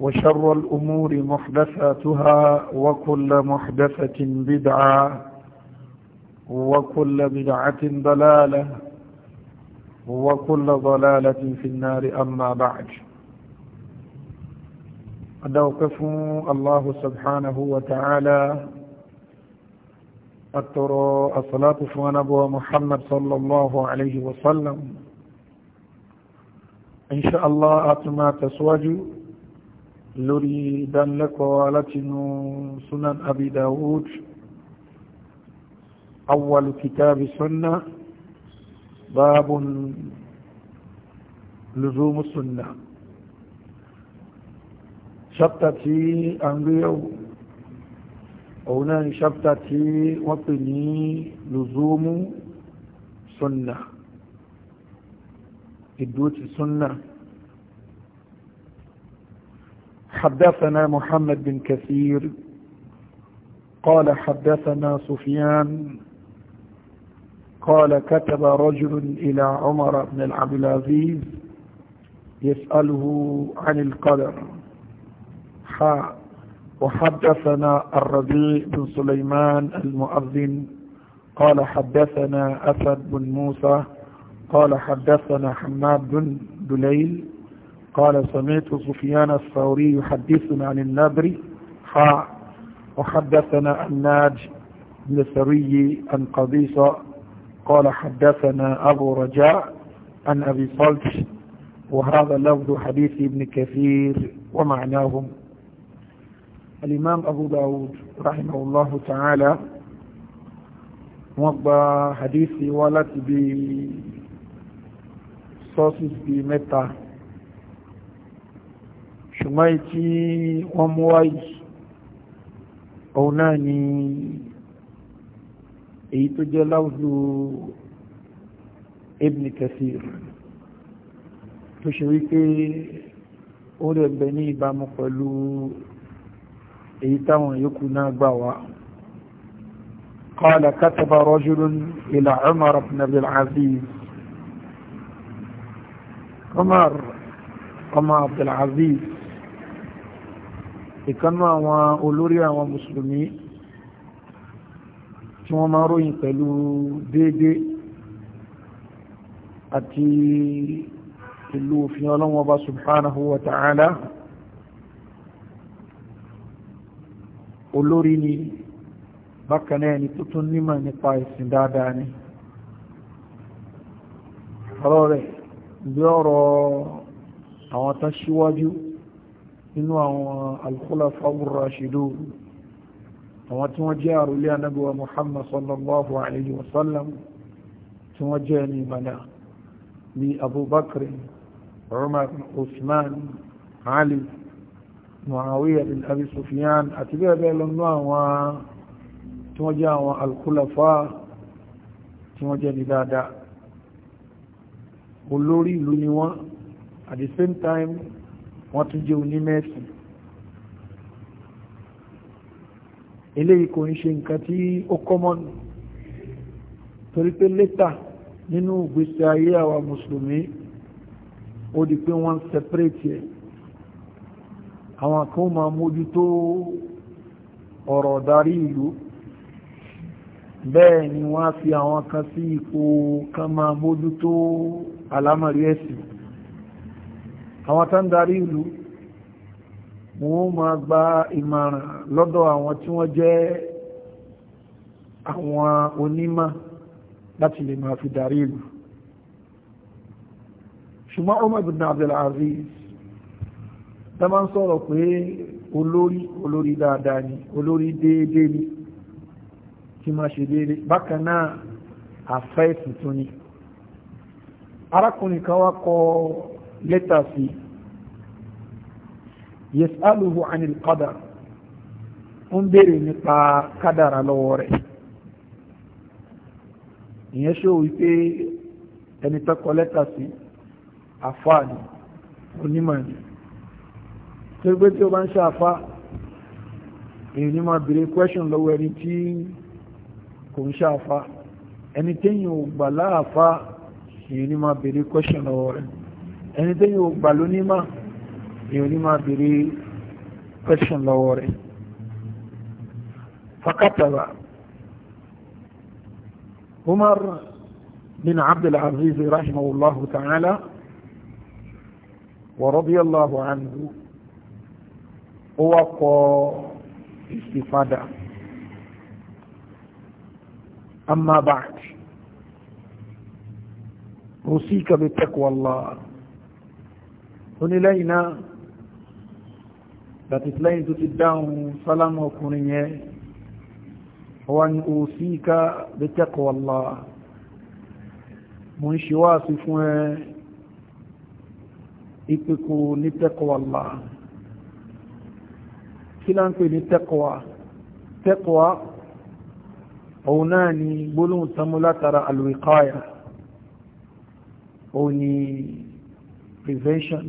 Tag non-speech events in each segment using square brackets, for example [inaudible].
وشر الأمور محدثاتها وكل محدثة بدعة وكل بدعة ضلالة وكل ضلالة في النار أما بعد أدوقف الله سبحانه وتعالى أترى الصلاة ونبوى محمد صلى الله عليه وسلم إن شاء الله أتمات سواجه lórí ìdánilẹ́kọ̀ọ́ alátinú sunan abi dawud awwalu kitabi sunna babun luzumu sunna ṣapta tí a ń gbé yau òun náà ni ṣapta tí wọ́n pè ní luzumu sunna ìdó ti sunna حدثنا محمد بن كثير قال حدثنا سفيان قال كتب رجل إلى عمر بن عبد العزيز يسأله عن القدر ح وحدثنا الربيع بن سليمان المؤذن قال حدثنا أسد بن موسى قال حدثنا حماد بن دليل قال سمعت سفيان الثوري يحدثنا عن النبري حاء وحدثنا الناج بن الثري عن قبيصة قال حدثنا أبو رجاء عن أبي صلت وهذا لفظ حديث ابن كثير ومعناهم الإمام أبو داود رحمه الله تعالى وضع حديث ولد بصوص بمتى ṣùgbọ́n tí wọ́n mú wáyìí òun náà ni èyí tó jẹ́ láwùjú Ibn Kathir tó ṣe wípé ó rẹ̀ bẹ ní ìbámu pẹ̀lú èyí táwọn yòókù náà gbà wá قال كتب رجل إلى عمر بن عبد العزيز عمر عمر عبد العزيز ìkanú àwọn olórí àwọn mùsùlùmí tí wọ́n máa ròyìn pẹ̀lú déédé àti ìlú òfin ọlọ́wọ́n bá subhanahu wa ta'ala olórí ni bákanáà ni tó tún nímọ̀ nípa ìsìn dáadáa ni ọ̀rọ̀ rẹ̀ bí ọ̀rọ̀ àwọn tán síwájú nínú àwọn al-khulafa ar-rashidun àwọn tí wọ́n jẹ́ àrùlé anábíwa muhammad sallallahu alayhi wa sallam tí wọ́n jẹ́ ní ìmọ̀nà ní abubakar umar usman ali muawiya bin abi sufyan àti bẹ́ẹ̀ bẹ́ẹ̀ lọ àwọn tí wọ́n jẹ́ àwọn al-khulafa tí wọ́n jẹ́ ní dáadáa olórí ìlú ni wọ́n at the same time wọ́n tún jẹ́ onímẹ̀sìn eléyìí kò ń ṣe nǹkan tí ó kọ́mọ́nù torí pé létà nínú ìgbésí ayé àwa mùsùlùmí ó di pé wọ́n sẹpẹ́rẹ́tì ẹ̀ àwọn kan máa mójútó ọ̀rọ̀ darí ìlú bẹ́ẹ̀ ni wọ́n fi àwọn kan sí ipò kan máa mójútó alámọ̀rí ẹ̀sìn àwọn tó ń darí ìlú wọ́n máa gba ìmọ̀ràn lọ́dọ̀ àwọn tí wọ́n jẹ́ àwọn onímọ̀ láti lè máa fi darí ìlú ṣùgbọ́n Umar ibn Abdul Aziz tá máa ń sọ̀rọ̀ pé olórí olórí dáadáa ni olórí déédéé ni kí máa ṣe déédéé bákan náà àfẹ́ ìtùtù ni arákùnrin kan wá kọ́ lẹ́tà sí yẹsàlùwò anil qadar ó ń béèrè nípa kádàrà lọ́wọ́ rẹ̀ ìyẹn ṣó wípé ẹni tọ́kọ lẹ́tà sí àfáà ni onímọ̀ ni tó tí ó bá ń ṣe àfáà èyí máa bèèrè question lọ́wọ́ ẹni tí kò ń ṣe àfáà ẹni téèyàn ò gbà láàfáà èyí máa bèèrè question lọ́wọ́ rẹ̀ ẹni tó yóò gbà lónímọ̀ èyàn ní máa bèèrè question lọ́wọ́ rẹ̀ fàkátàrà Umar bin Abdul Aziz rahimahullahu ta'ala wa radiyallahu anhu ó wá kọ ìsìfádà amma ba'd أوصيك بتقوى الله onílẹ́yìn náà dàtìtìlẹ́yìn tó ti dáhùn sálámù ọkùnrin yẹn wọ́n ni o sí ká bẹ́tẹ̀kọ̀ ọ̀la mo ń ṣe wá sí fún ẹ ìpẹ́kọ̀ ní tẹ́kọ̀ ọ̀la kí lá ń pè ní tẹ́kọ̀ọ́ tẹ́kọ̀ọ́ òun náà ni gbólóhùn tánmú látara alwiqaya òun ni prevention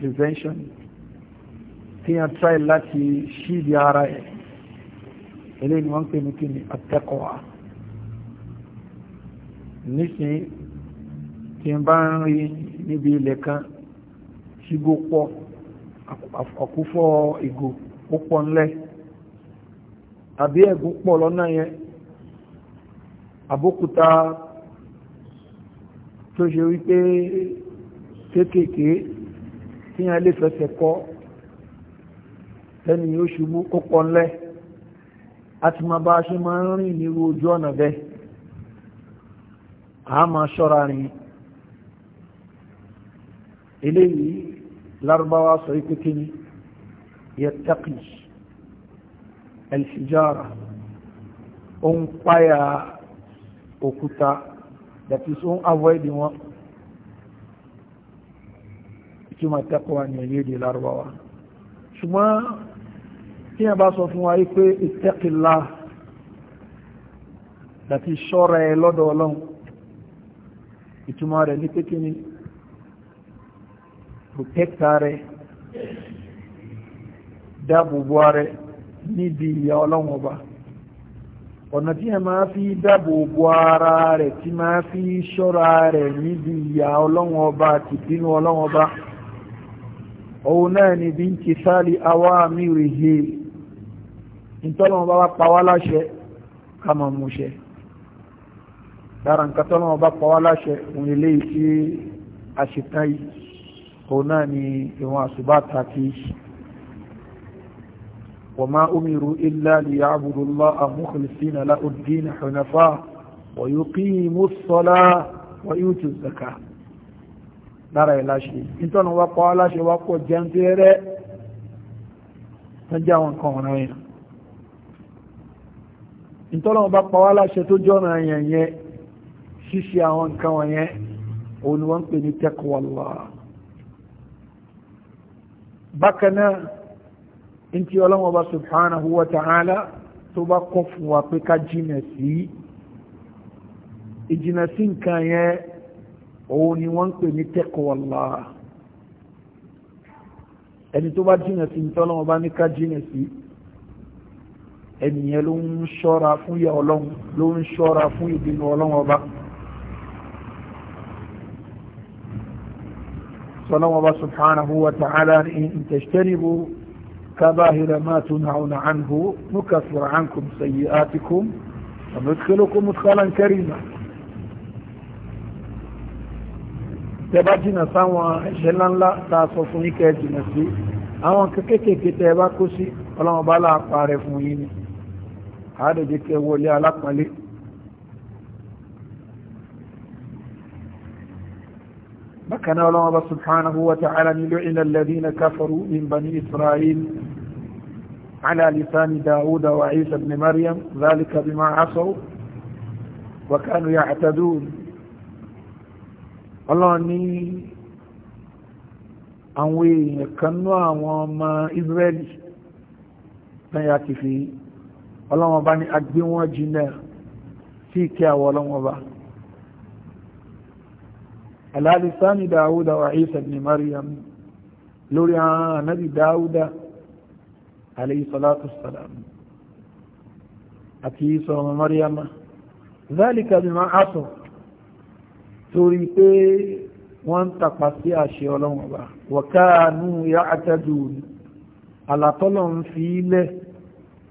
prevention tí a try láti ṣíbi ara ẹ̀ eléyìí ni wọ́n ń pè ní kíni àtẹ́kọ̀ọ́ nísìnyí tí n bá ń rí níbi ilẹ̀ kan ṣígbó pọ̀ àkúfọ́ ìgò ó pọ̀ ńlẹ̀ àbí ẹ̀gún pọ̀ lọ́nà yẹn àbókúta tó ṣe wípé kéékèèké tí yẹn lè fẹsẹ̀ kọ́ ẹni yóò ṣubú kó pọ̀ ńlẹ́ àti máa bá a ṣe máa ń rìn nírú ojú ọ̀nà bẹ́ẹ̀ a máa ṣọ́ra rìn eléyìí lárúbáwá sọ ipé kíní yattaqi al-hijara ó ń páyà òkúta that is ó ń avoid wọn ìtumọ̀ tẹ́kọ̀ọ́ ní orílẹ̀-èdè lárúbáwá ṣùgbọ́n tí a bá sọ fún wa pé ìtẹ́kìlá àti ṣọ́ra ẹ lọ́dọ̀ ọlọ́run ìtumọ̀ rẹ̀ ní pé kí ni protecta rẹ̀ dáàbòbò rẹ̀ níbi ìyà ọlọ́run ọba ọ̀nà tí a máa fi dáàbòbò ara rẹ̀ tí máa fi ṣọ́ra rẹ̀ níbi ìyà ọlọ́run ọba àti ìbínú ọlọ́run ọba òun náà ni bí n ti sáàlì awá mi rè he ìtọ́lọ́wọ́n bá pa wá láṣẹ ká máa mú ṣe lára nǹkan tọ́lọ́wọ́n bá pa wá láṣẹ òun eléyìí sí àṣetán yìí òun náà ni ìwọ̀n àṣùbá tàkì وما أمروا إلا ليعبدوا الله مخلصين له الدين حنفاء ويقيموا lára ẹ̀ láṣe ìtọ́nà wá pọ́ aláṣẹ wá pọ̀ jẹun tí rẹ̀ tán jẹ́ àwọn nǹkan ọ̀ràn yẹn ìtọ́nà bá pọ́ aláṣẹ tó jọ́nà yẹn yẹn ṣíṣe àwọn nǹkan wọ̀nyẹn òun ni wọ́n ń pè ní tẹ́kọ̀ọ́lá bákan in ti ọlọ́wọ́n bá subhanahu ta'ala tó bá kọ́ fún wa pé ká jìnà sí ìjìnà sí nǹkan yẹn òun ni wọ́n ń pè ní tẹ́kọ̀ọ́lá ẹni tó bá jìnà sí ìtọ́lọ́wọ́ bá ní ká jìnà sí ẹnìyàn ló ń ṣọ́ra fún ìyà ọlọ́run ló ń ṣọ́ra fún ìbínú ọlọ́run ọba sọlọ́run ọba subhanahu wa ta'ala ní ìtẹ̀ṣtẹ́rìbù kábàáhìrà máa tún àwọn àánú nukasura ankum sayyi'atikum wa nudkhilukum mudkhalan karima tẹba jìnà sáwọn ẹ̀ṣẹ̀ ńláńlá ta sọ fún ikẹ́ jìnà sí àwọn kékèké tẹba kó sí ọlọ́wọ́n bá láàpá rẹ̀ fún yín ni àádọ́jẹ́ kẹ wọlé alápọ̀nlé bákan náà ọlọ́wọ́n bá subhanahu wa ta'ala nílò ilẹ̀ alladhina kafaru min israel على لسان داود وعيسى بن مريم ذلك بما عصوا وكانوا يعتدون ọlọ́run ní àwọn èèyàn kan ní àwọn ọmọ Israeli lẹ́yìn àti fi ọlọ́wọ́n bá ní agbé wọn jìnà sí ìkẹ́ àwọ ọlọ́wọ́n bá aláàdìsáni dáúdà wà Isa ibn Maryam lórí àwọn ànábì dáúdà alayhi àti Isa ọmọ Maryam bí máa asọ̀ torí pé wọ́n ń tàpá sí àṣẹ ọlọ́run ọba wọ̀káànú ya àtẹ́dù àlàtọ́lọ̀ ń fi ilẹ̀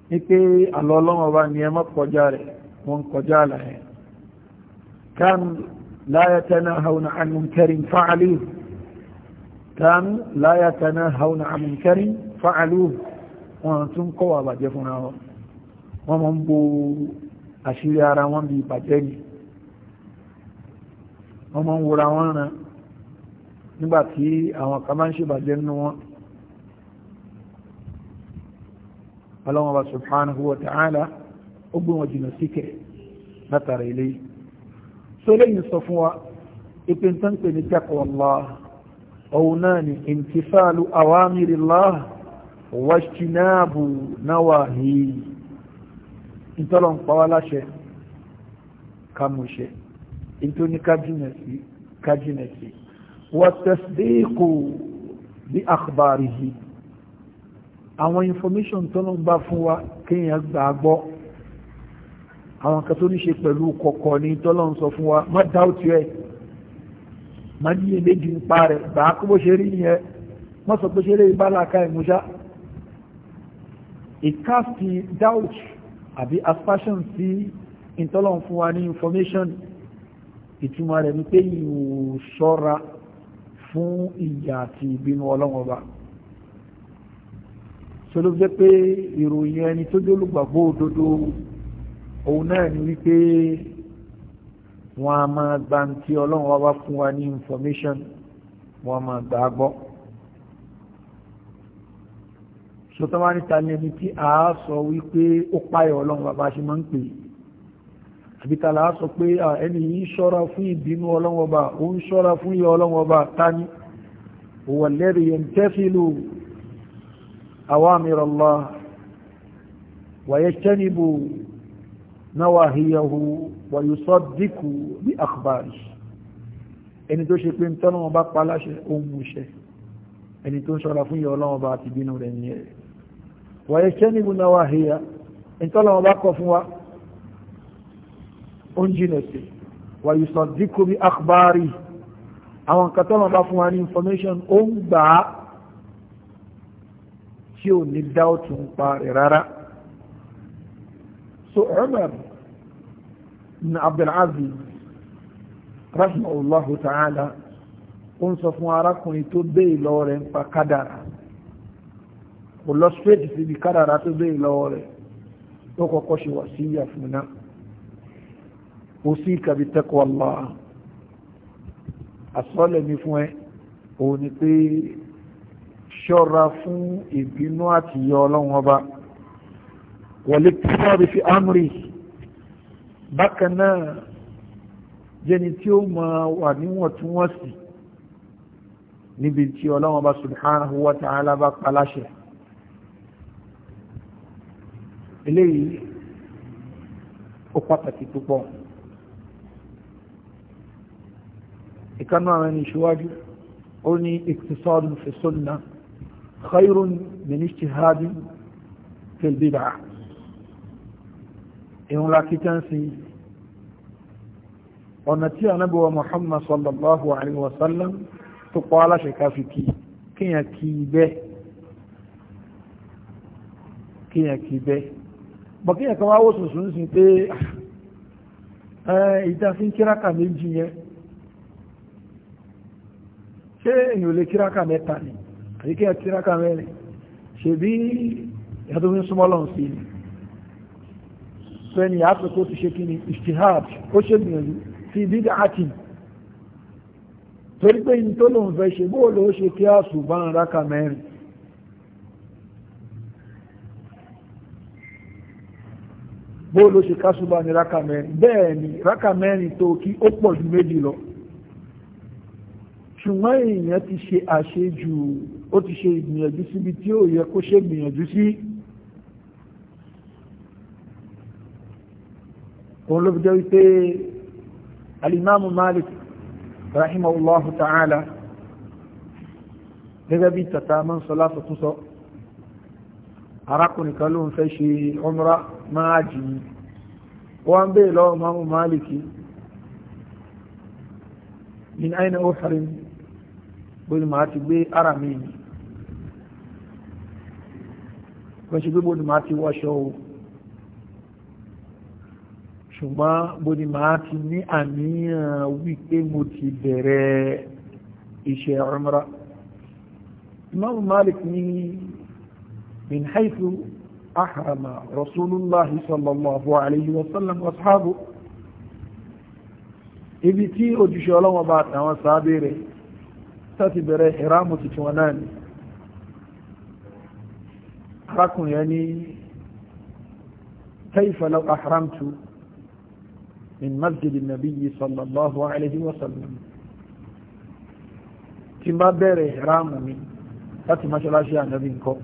ní pé àlọ́ ọlọ́run ọba ni ẹ má kọjá rẹ̀ wọ́n kọjá àlà ẹ̀ kánú láyàtẹ́nà haun àmùnkẹrin fa'alú kánú láyàtẹ́nà haun àmùnkẹrin fa'alú wọ́n tún kọ́ bàjẹ́ fúnra wọn wọ́n mọ́ ń bo àṣírí ara wọn bí ìbàjẹ́ yìí wọ́n mọ́ ń wòra wọ́n ràn nígbàtí àwọn kan máa ń ṣèbàjẹ́ nínú wọn ọlọ́wọ́n bá subhanahu wa ta'ala ó gbé wọn jìnà síkẹ̀ látara ilé so lẹ́yìn sọ fún wa ìpín tó ń pè ní taqwallah òun náà ni imtisalu ètò ní kájínẹ̀sì wàtẹ̀sídẹ́ẹ̀kù bí àkùbárì yìí àwọn information tọ́nà ń bá fún wa kéèyàn gbà á gbọ́ àwọn kan tó ní ṣe pẹ̀lú kọ̀kọ̀ ní tọ́nà ń sọ fún wa má dáútì ẹ̀ má ní eléjì ń pa rẹ̀ gbà á kó bó ṣe rí yẹn doubt àbí aspersion sí ìtọ́lọ̀ information ìtumọ̀ rẹ̀ ní pé yíò ṣọ́ra fún ìyà àti ìbínú ọlọ́wọ́n bá so ló jẹ́ pé ìròyìn ẹni tó jẹ́ olùgbàgbọ́ òdodo òun náà ni wípé wọn a máa gba ti ọlọ́wọ́n bá fún wa ní information wọn a máa gbà á gbọ́ so tó wá níta lẹ́ni tí a sọ wípé ó páyọ̀ ọlọ́wọ́n bá ṣe máa ń pè é àbítàlá sọ pé ẹni yìí ṣọ́ra fún ìbínú ọlọ́wọ́ bá ó ń ṣọ́ra fún ìyà ọlọ́wọ́ bá tání huwa alladhi yamtathilu awamir Allah wa yajtanibu nawahiyahu wa yusaddiqu bi akhbarihi ẹni tó ṣe pé ń tọ́nà wọn bá pa láṣẹ ohun múṣẹ ẹni tó ń ṣọ́ra fún ìyà ọlọ́wọ́ bá ti bínú rẹ̀ ní ẹ̀ wa yajtanibu nawahiyahu ìtọ́nà wọn bá kọ fún wa on ń jìnà sí wà yìí sọ díkò bí akhbari àwọn nǹkan tó bá fún wa ní information ó ń gbà á tí ò ní dáòtù ń pa rẹ̀ rárá so Umar na Abdul Aziz rahimahullahu ta'ala ó ń sọ fún arákùnrin tó béè lọ́wọ́ rẹ̀ ń pa kádàrà kò lọ straight síbi kádàrà tó béè lọ́wọ́ rẹ̀ ó kọ́kọ́ ṣe wà usika bi taqwa Allah àsọ́lẹ̀ mi fún ẹ òun ni pé ṣọ́ra fún ìbínú àti yọ ọlọ́run ọba wọlé tí wọ́n rí fi amri bákan náà jẹni tí ó máa wà níwọ̀ntúnwọ̀nsì níbi tí ọlọ́run ọba subhanahu wa ta'ala bá paláṣẹ eléyìí ó pàtàkì púpọ̀ ìkánú àwọn ẹni ìṣíwájú ó ní iktisadun fi sunna khairun min ijtihadin fil bid'ah ìhun lákítẹ́ǹsì ọ̀nà tí ànábì wa muhammad sallallahu alaihi wasallam tó pọ̀ aláṣẹ káfí kí kíyàn kí bẹ́ kíyàn kí bẹ́ bọ̀ kíyàn kan wá wó sùsùn sí pé ah, ìdáfín kíráka méjì yẹn ṣé èyàn lè kíráka mẹ́ta ni àbí kí ẹ kíráka mẹ́rin ṣe bí ẹ̀dùn ní súnmọ́ lọ́n sí ni sẹ́ni àpẹkọ́ ti ṣe kí ni istihad ó ṣe gbìyànjú fi bídà àti torí pé ní tó lòun fẹ́ ṣe bó ló ṣe kí á sùn bá ń ráka mẹ́rin bó ló ṣe ká sùn bá ní ráka mẹ́rin bẹ́ẹ̀ ni ráka mẹ́rin tó kí ó pọ̀ ju méjì lọ ṣùgbọ́n èèyàn ti ṣe àṣejù ó ti ṣe ìgbìyànjú síbi tí ó yẹ kó ṣe gbìyànjú sí òun ló fi jẹ́ wípé alimamu malik rahimahullahu ta'ala gẹ́gẹ́ bí tata man sọ láti tún sọ arákùnrin kan ló ń fẹ́ ṣe umra máa jì ní wọ́n bèèrè lọ́wọ́ imamu maliki min aina ó bóyí máa ti gbé ara mi ni wọ́n ṣe gbé bóyí máa ti wọ́ṣọ o ṣùgbọ́n bóyí máa ti ní àníyàn wípé mo ti bẹ̀rẹ̀ iṣẹ́ umrah imam malik ni min haifu أحرم رسول الله صلى الله عليه وسلم وأصحابه ibi tí òjíṣẹ́ ọlọ́wọ́ bá àtàwọn sáábé rẹ̀ tàti bẹ̀rẹ̀ ìrámù tuntun wọn náà ni arákùnrin ẹni tẹ́ìfẹ̀lọ́ àhàrámtù min masjidin nabiyyi sallallahu alaihi wasallam tí bá bẹ̀rẹ̀ ìrámù mi láti mọ́ṣáláṣí ànábì nǹkan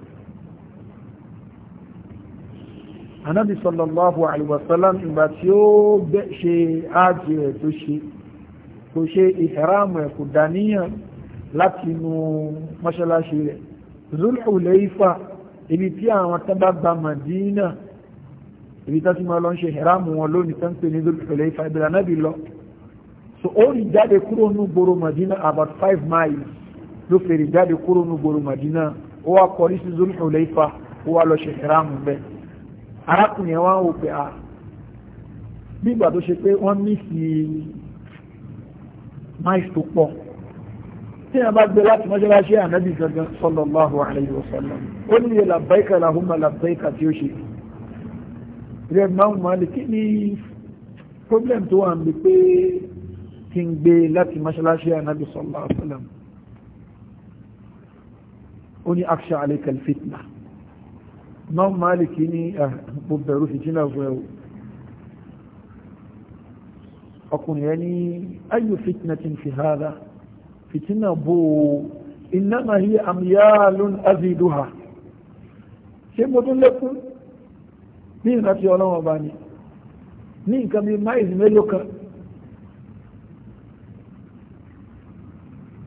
ànábì sallallahu alaihi wasallam ìgbà tí ó ṣe áàjì rẹ̀ tó ṣe kò ṣe ìhẹ̀rámù ẹ̀kù láti inú mọ́ṣáláṣí rẹ̀ Zulhulayfa ibi tí àwọn tábà gba Madina ibi tó ti máa lọ ń ṣe ìhẹ́ráàmù wọn lónìí tó ń pè ní Zulhulayfa ìbílẹ̀ náà bí lọ so ó rí jáde kúrò ní gbòòrò Madina about five miles ló fèrè jáde kúrò ní gbòòrò Madina ó wá kọrí sí Zulhulayfa ó wá lọ ṣe ìhẹ́ráàmù bẹ́ẹ̀ arákùnrin wa ń wò pé a bí ìgbà tó ṣe pé wọ́n ní sí miles tó pọ̀ tí a bá gbé láti mọ́ṣáláṣí ànábì gangan sallallahu alayhi wa sallam ó ní labbaika lahumma labbaika tí ó ṣe rẹ̀ máa ń máa lè kí ni problem tó wà ń bí pé kí n gbé láti mọ́ṣáláṣí ànábì sallallahu alayhi wa sallam ó ní aksha alayka alfitna máa ń máa lè kí ni gbogbo ẹ̀rù fìtínà fún ẹ̀rù ọkùnrin ẹni ayyu fitnatin fi hadha fìtínà bò ó innama hiya amyalun aziduha ṣé mo tún lékún ní ìrántí ọlọ́wọ́n bá ní ní nǹkan bíi máìlì mélòó kan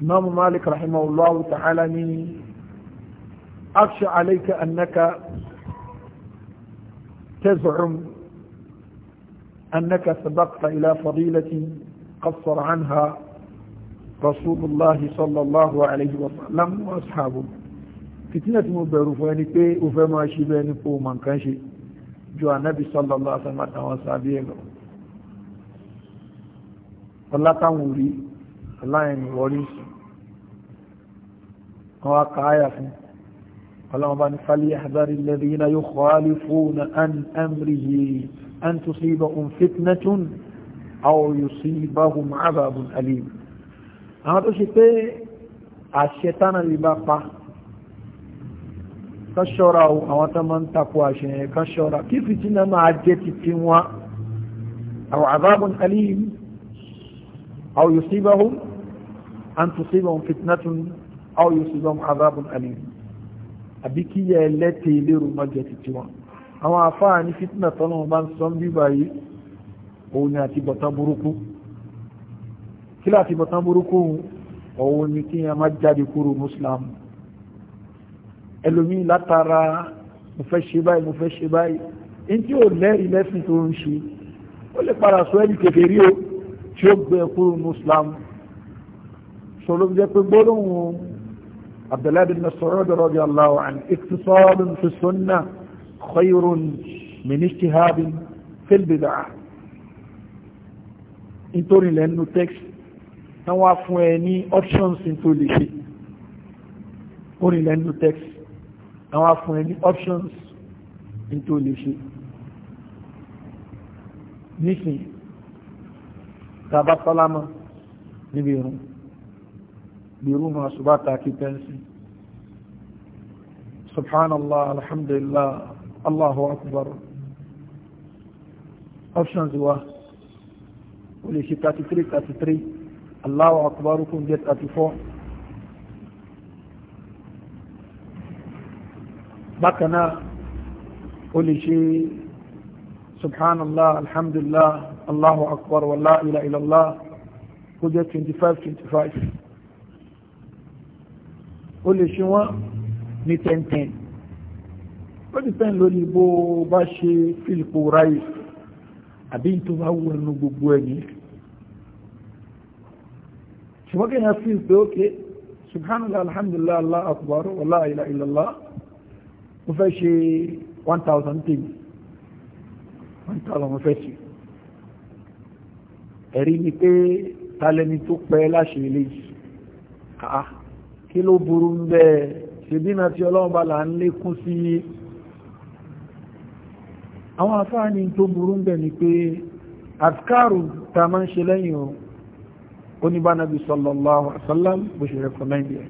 imam malik rahimahullah ta'ala ni aksha alayka annaka taz'um annaka sabaqta ila fadilati qassara anha رسول الله صلى الله عليه وسلم واصحابه فتنة مبروفاني كي وفما شباني فوما كانشي جو النبي صلى الله عليه وسلم واصحابه الله تعوري الله يعني وريس هو قايا اللهم بان فليحذر الذين يخالفون عن أمره أن تصيبهم فتنة أو يصيبهم عذاب أليم àwọn tó ṣe pé àṣẹ tánà lè bá pa kan ṣọ́ra o àwọn tó máa ń takò àṣẹ yẹn kan ṣọ́ra kí fìtínà máa jẹ́ titi wọn àwọn àbábọ̀n alim àwọn yusibahum an tusibahum fitnatun àwọn yusibahum àbábọ̀n alim àbí kí yẹ lẹ́tẹ̀ lérò má jẹ́ titi wọn àwọn afáà ní fìtínà bá ń sọ bíbá yìí òun ni àti bọ̀tán burúkú kí láti mọ̀tán burúkú òun ni kí a má jáde kúrò muslim ẹlòmí látara mo fẹ́ ṣe báyìí mo fẹ́ ṣe báyìí in tí ó lẹ́rìí lẹ́sìn tó ń ṣe ó lè padà sọ ẹni kékeré o tí ó gbé e kúrò muslim sọlọ́ jẹ́ pé gbólóhùn abdullahi bin Mas'ud radiyallahu anhu iktisadun fi sunnah khayrun min ijtihadin nítorí lẹ́nu text tán wá fún ẹ ní options tó lè ṣe orin lẹ́nu text tán wá fún ẹ ní options tó lè ṣe nísìn tàbá sálámà níbi ìrún bí irú máa ṣùgbọ́n subhanallah alhamdulillah allahu akbar options wa o lè ṣe 33 33 Allahu Akbar rukun get 34 bákan náà ó lè ṣe subhanallah alhamdulillah Allahu Akbar wa la ilaha illallah kó jẹ́ 25 25 ó lè ṣe wọ́n ní 10 10 ó ti pẹ́n lórí bó bá ṣe fílipò ráyè àbí tó bá wọ́n gbogbo ẹ̀yìn ṣùgbọ́n kí ni a fi pé ókè subhanallah alhamdulillah allah akbar wàlá ilà ilàlá mo fẹ́ ṣe 1000 tèmi 1000 mo fẹ́ ṣe ẹ̀rí ni pé talẹni tó pẹ́ láṣẹ eléyìí àá kí ló burú ń bẹ́ẹ̀ ṣèdínà tí ọlọ́run bá là ń lékún sí àwọn afáàní tó burú ń bẹ̀ ni pé àtikárù ta máa ń ṣe lẹ́yìn ọ̀run oníbánabi sallallahu alaihi wasallam bó ṣe rẹ̀kọ́mẹ́ndì ẹ̀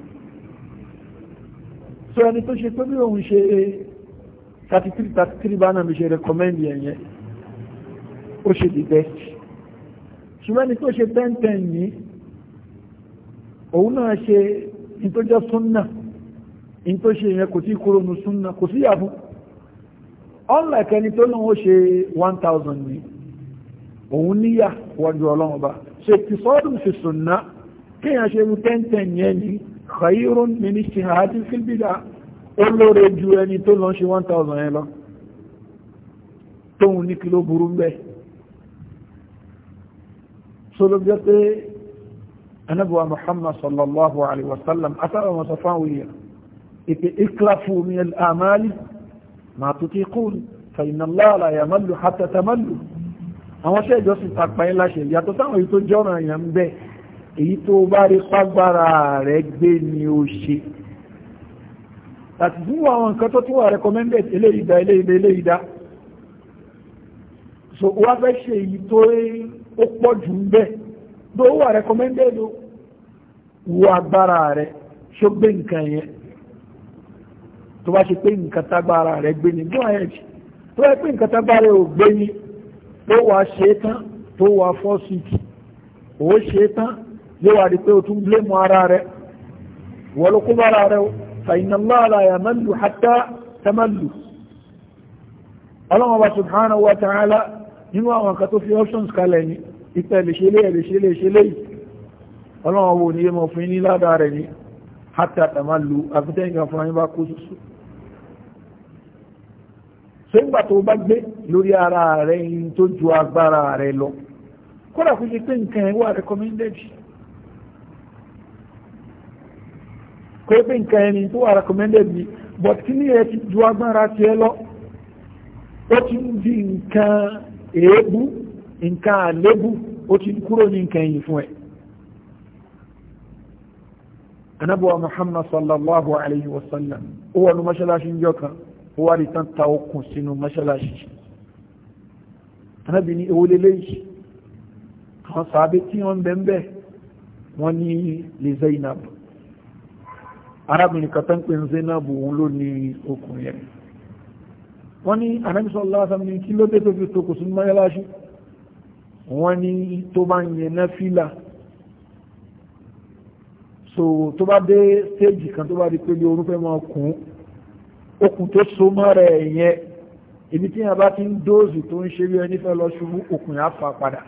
so ẹni tó ṣe pé bí òun ṣe 33-33 bánabi ṣe rẹ̀kọ́mẹ́ndì ẹ̀ yẹn ó ṣe the best ṣùgbọ́n ẹni tó ṣe 10-10 ní òun náà ṣe in tó jẹ́ súnnà in tó ṣe yẹn kò tí kúrò ní súnnà kò sí yàfún unlike ẹni tó lóun ó ṣe 1000 ní òun níyà wájú ọlọ́run báà ṣètìsọ́dún fi sùnná kí a ṣe wùtẹ́ntẹ̀ yẹn ni khayrun min ijtihadin fil bid'ah ó lóore ju ẹni tó lọ ṣe 1000 yẹn lọ tóun ní kí ló burú ń bẹ́ sólóbíọ́ pé anábíwá muhammad sallallahu alaihi wasallam asára wọn sọ fáwọn èèyàn ìpè iklafu min al-amali ma tutiqun fa inna allaha la yamallu hatta tamallu àwọn tí ẹjọ́ sì tapa ẹ́ láṣẹ ìyàtọ̀ táwọn èyí tó jọ́ràn èèyàn ń bẹ́ èyí tó bá rí pàgbára rẹ̀ gbé ni ó ṣe àti fún àwọn nǹkan tó tún wà recommended eléyìí so wá fẹ́ ṣe èyí tó ó pọ̀ jù ń bẹ́ tó wà recommended o wo agbára rẹ̀ ṣó gbé nǹkan yẹn tó bá ṣe pé nǹkan tágbára rẹ̀ gbé ni go ahead tó bá ṣe pé nǹkan tágbára rẹ̀ ò gbé ni tó wà ṣe tán tó wà fọ́ síkì ó ṣe tán yóò wà rí pé o tún blé mu ara rẹ̀ wọ́n ló kó bá ara rẹ̀ fa inna Allah la yamallu hatta tamallu ọlọ́wọ́n bá subhanahu wa ta'ala nínú àwọn kan tó fi options kalẹ̀ ni ìpẹ́ lè ṣe lé ẹ̀ wo ni yé mọ̀ fún yín ní ládàá rẹ̀ ni hatta tamallu àfitẹ́yìn kan fún yín bá kó sùsù sẹ́gbà tó bá gbé lórí ara rẹ̀ in tó ju agbára rẹ̀ lọ kódà kó ṣe pé nǹkan ẹ̀ wà recommended kó pé nǹkan ẹni tó wà recommended ni but kí ni ẹ ti ju agbára ti ẹ lọ ó ti ń di nǹkan èébú nǹkan àlébù ó ti ń kúrò ní nǹkan ẹ̀yìn fún ẹ anábọ̀ muhammad sallallahu alayhi wa sallam ó wà ní mọ́ṣáláṣí ń jọ kan ó wá rí tán ta okùn sínú mọ́ṣáláṣí anábì ní ewó lélẹ́ yìí àwọn sàábé tí wọ́n bẹ̀ ń bẹ̀ wọ́n ní lè Zainab arábìnrin kàtà ń pè ń Zainab òun ló ní okùn yẹn wọ́n ní anábì sallallahu ní kí ló dé tó fi tokùn sínú mọ́ṣáláṣí wọ́n ní tó bá ń yẹn náfìlà so tó bá dé stéèjì kan tó bá rí pé bí orúfẹ́ máa kùn ún okùn tó so mọ́ rẹ̀ yẹn ibi tí yẹn bá ti ń dóòzù tó ń ṣe bí ẹni fẹ́ lọ ṣubú okùn yẹn á fà padà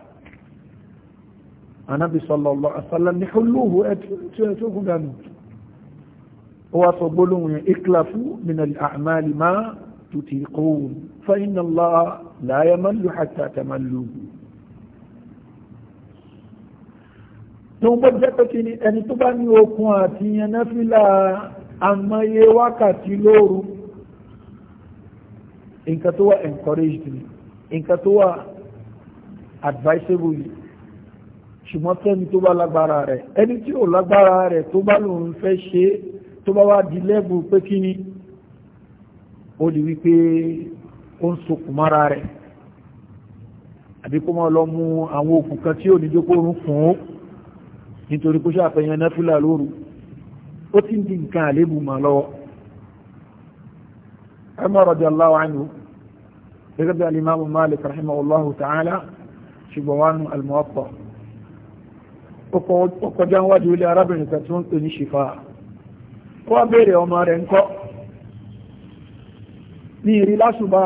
anábì sallallahu alaihi wasallam ní olóòwò tí ẹ tó gùn dànù ó wá sọ gbólóhùn yẹn iklafu minal a'mali ma tutiqun fa inna Allah la yamallu hatta tó ń bọ́ jẹ́ pé kí ẹni tó bá ní okun àti yẹn náfìlà àmọye wákàtí lóru nǹkan encouraged me. nǹkan tó wà advisable ni ṣùgbọ́n fẹ́ni tó bá lágbára rẹ̀ ẹni tí ò lágbára rẹ̀ tó bá lòun fẹ́ ṣe tó bá wá di lẹ́bù pé kí ni ó di wípé ó ń sokùn mára rẹ̀ àbí kó máa lọ mú àwọn òkú kan tí ò ní jókòó rún fún ó nítorí kó ṣàfẹ́yàn náfìlà lóru ó ti ń di nǹkan àlébù mà lọ́wọ́ Umar radiyallahu anhu gẹ́gẹ́ bí alimami Malik rahimahullahu ta'ala ṣùgbọ́n wà nù al-Muwatta ó kọjá wájú ilé arábìnrin kan tí wọ́n pè ní ṣìfà ó wá béèrè ọmọ rẹ̀ ń kọ́ ní ìrí lásùbà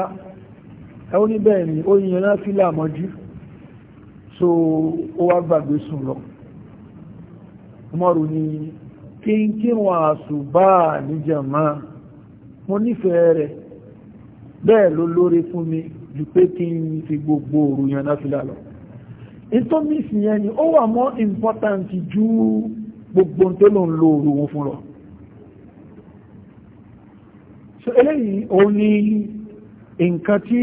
ẹ̀wọ́n ní bẹ́ẹ̀ ni ó yìnyẹn náà fi láàmọ́jú so ó wá gbàgbé sùn lọ Umaru ni kí n kírun àsùbà ní jàmá mo nífẹ̀ẹ́ rẹ̀ bẹ́ẹ̀ ló lóore fún mi ju pé kí n fi gbogbo òru yan náfìlà lọ ìtọ́mísì yẹn ni ó wà mọ́ important ju gbogbo tó lò ń lo òru wọn fún lọ so eléyìí òun ni nǹkan tí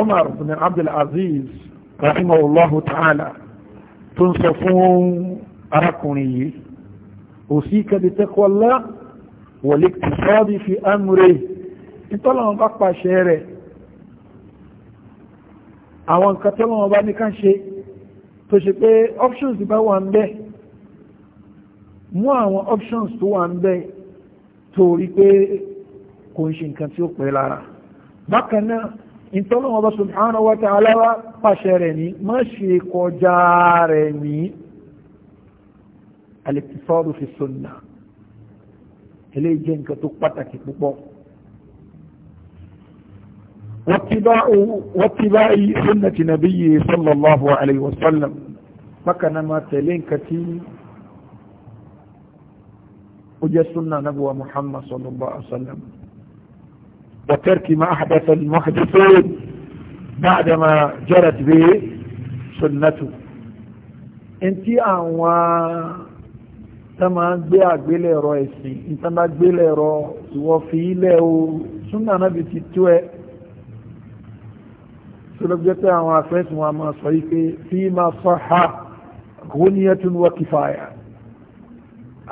Umar bin Abdul Aziz rahimahullahu ta'ala tó ń sọ fún arákùnrin yìí òsì kẹbi taqwallah والاقتصاد في أمره ìtọ́lọ̀wọ̀n bá pàṣẹ rẹ̀ àwọn nǹkan tọ́lọ̀wọ̀n bá ní ká ṣe tó ṣe pé options bá wà ń bẹ mú àwọn options tó wà ń bẹ torí pé kò ń ṣe nǹkan tí ó pẹ́ lára bákan náà ìtọ́lọ̀wọ̀n bá subhanahu wa ta'ala pàṣẹ rẹ̀ ní má ṣe kọjá rẹ̀ ní al fi sunnah واتباع سنة نبي صلى الله عليه وسلم فكان ما تلين كثير وجا سنة نبوة محمد صلى الله عليه وسلم وترك ما أحدث المحدثين بعدما جرت به سنته انتي أنواع tó máa ń gbé àgbélẹ̀rọ ẹ̀sìn ìtànbá gbélẹ̀rọ ìwọ fi ilẹ̀ o súnà náà bí ti tó ẹ tó ló jẹ́ pé àwọn afẹ́sùn wa máa sọ yìí pé fi máa sọ ha ghunniyatun wa kifaya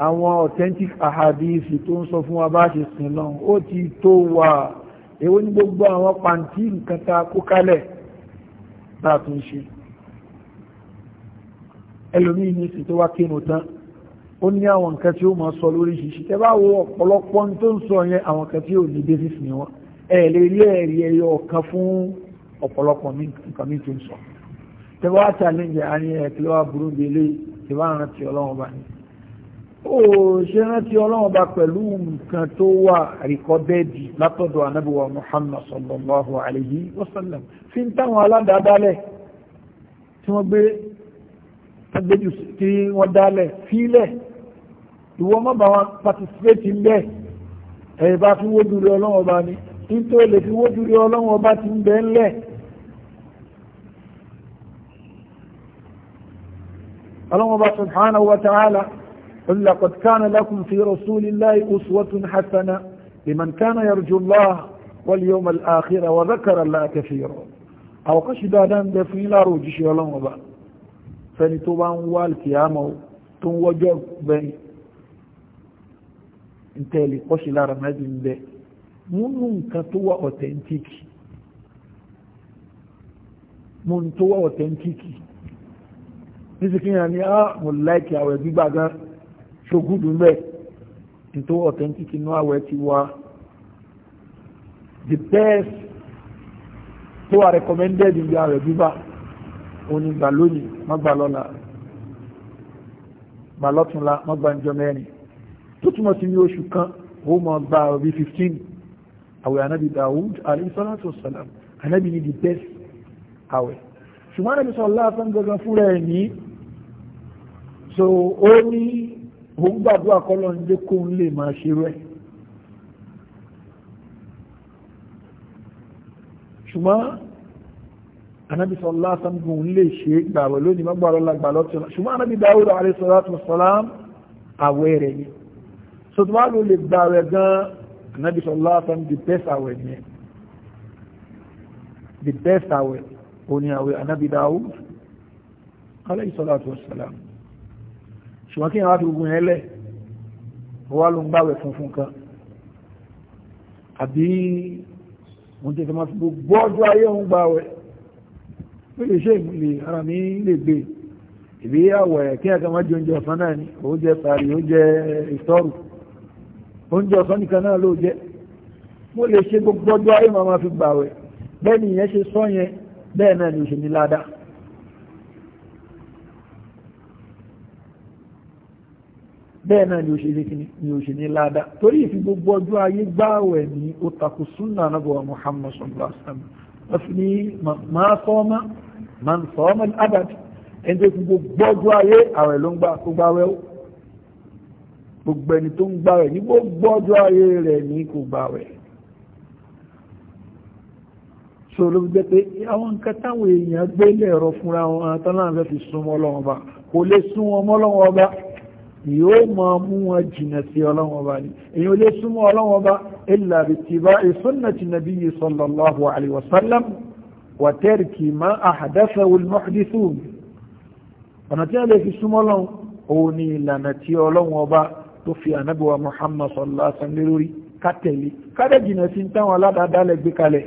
àwọn authentic ahadith tó ń sọ fún wa bá ṣe sìn lọ ó ti tó wà èwo ní gbogbo àwọn pàǹtí nǹkan ta kó kálẹ̀ bá a tún ṣe ẹlòmíì ní sì tó wá kínú tán ó ní àwọn nǹkan tí ó máa sọ lórí ṣíṣí tẹ́ bá wo ọ̀pọ̀lọpọ̀ tó ń sọ yẹn àwọn nǹkan tí ò ní basis ni wọn ẹ̀ lè rí ẹ̀rí ẹyọ ọ̀kan fún ọ̀pọ̀lọpọ̀ nǹkan mi tó ń sọ tẹ́ bá challenge a ní ẹ̀kílẹ̀ wa burú bí ilé tẹ́ bá rántí ọlọ́run bá ní. ó ṣe rántí ọlọ́run bá pẹ̀lú nǹkan tó wà rìkọ́dẹ́ẹ̀dì látọ̀dọ̀ anábìwá Muhammad sallallahu alayhi wa sallam fi ń táwọn aládàádálẹ̀ tí wọ́n gbé tí wọ́n dálẹ̀ fílẹ̀ ìwọ má bá wọn patisipéètì ń bẹ́ẹ̀ ẹ̀yìn bá fi wójú rí ọlọ́wọ́ bá ní nítorí lè fi wójú rí ọlọ́wọ́ bá ti ń bẹ́ ńlẹ̀ ọlọ́wọ́ bá subhanahu wa ta'ala laqad kana lakum fi rasulillahi uswatun hasana liman kana yarju Allah wal yawmal akhir wa dhakara Allah kathira àwọ̀kọ́ṣì dáadáa ń bẹ fún ìlàrò òjíṣẹ́ ọlọ́wọ́ bá fẹni tó bá ń wá alkiyama tó ntẹ́ lè kọ́ṣe lára náàbì ń bẹ múnú nǹkan tó wà authentic múnú tó wà authentic nísìkíyàn ni á ah, mo láìkì àwẹ̀ gbígbà gan ṣogúdù ń bẹ tó wà authentic inú àwẹ̀ ti wá the best tó wà recommended ibi àwẹ̀ gbígbà onígbà lónìí mọ́gbà lọ́la gbà tó túnmọ̀ sí ní oṣù kan ó mọ̀ gba bí 15 àwẹ̀ anábì Dawud alaihissalatu wassalam anábì ní the best àwẹ̀ ṣùgbọ́n anábì sọ láàfán gangan fúnra ẹ̀ ní so ó ní òun gbàdúrà kọ́lọ̀ ń jẹ́ kóun lè máa ṣe rẹ̀ ṣùgbọ́n anábì sọ láàfán gangan lè ṣe gbàwẹ̀ lónìí mọ́gbàlọ́lá gbàlọ́tì ṣùgbọ́n anábì Dawud alaihissalatu àwẹ̀ rẹ̀ ni so tó bá lò lè gbà rẹ̀ gan Ànábì sallallahu alaihi wasallam the best àwẹ̀ ni the best àwẹ̀ òní àwẹ̀ Ànábì Dáúdù alayhi salatu wassalam ṣùgbọ́n kí àwọn àfihàn ẹlẹ́ wà ló ń gbàwẹ̀ funfun kan àbí wọ́n tẹ́tẹ́ máa fi gbogbo ọjọ́ ayé ń gbàwẹ̀ ó lè ṣe ìmúlẹ̀ ara mi lè gbé ìbí àwẹ̀ kí ẹ̀kẹ́ máa jẹ oúnjẹ ọ̀sán náà ni ó jẹ sàárì ó jẹ ìtọ́rù oúnjẹ ọ̀sán nìkan náà ló jẹ́ mo lè ṣe gbogbo ọjọ́ ayé ma ma fi gbàwẹ̀ bẹ́ẹ̀ ni ìyẹn ṣe sọ yẹn bẹ́ẹ̀ náà ni òṣèlú ládàá bẹ́ẹ̀ náà ni òṣèlú ládàá torí ìfi gbogbo ọjọ́ ayé gbàwẹ̀ ní ó takò súnà anábọ̀wà Muhammad sallallahu alaihi wasallam wọ́n ní máa sọ́ọ́mà ẹni tó fi gbogbo ọjọ́ ayé àwẹ̀ ló ń gbà tó gbàwẹ̀ ó gbogbo ẹni tó ń gbààwẹ̀ ní gbogbo ọjọ́ ayé rẹ̀ ní kò gbààwẹ̀ so ló fi jẹ́ pé àwọn nǹkan táwọn èèyàn gbé lẹ́ẹ̀rọ fúnra wọn àtàláàfẹ́ fi súnmọ́ ọlọ́wọ́n bá kò lè súnmọ́ ọlọ́wọ́n bá yóò máa mú wọn jìnà sí ọlọ́wọ́n bá ní èyàn lè súnmọ́ ọlọ́wọ́n bá illa bittiba'i sunnati nabiyyi sallallahu alaihi wasallam wa tarki ma ahdathahu al-muhdithun ọ̀nà tí a lè fi súnmọ́ ọlọ́wọ́n òun ni ìlànà tí ọlọ́wọ́n bá tó fi ànábíwá Muhammad sallallahu alaihi wasallam lórí kátẹ̀lé kádẹ̀ jìnà sí táwọn aládàádálẹ̀ gbé kalẹ̀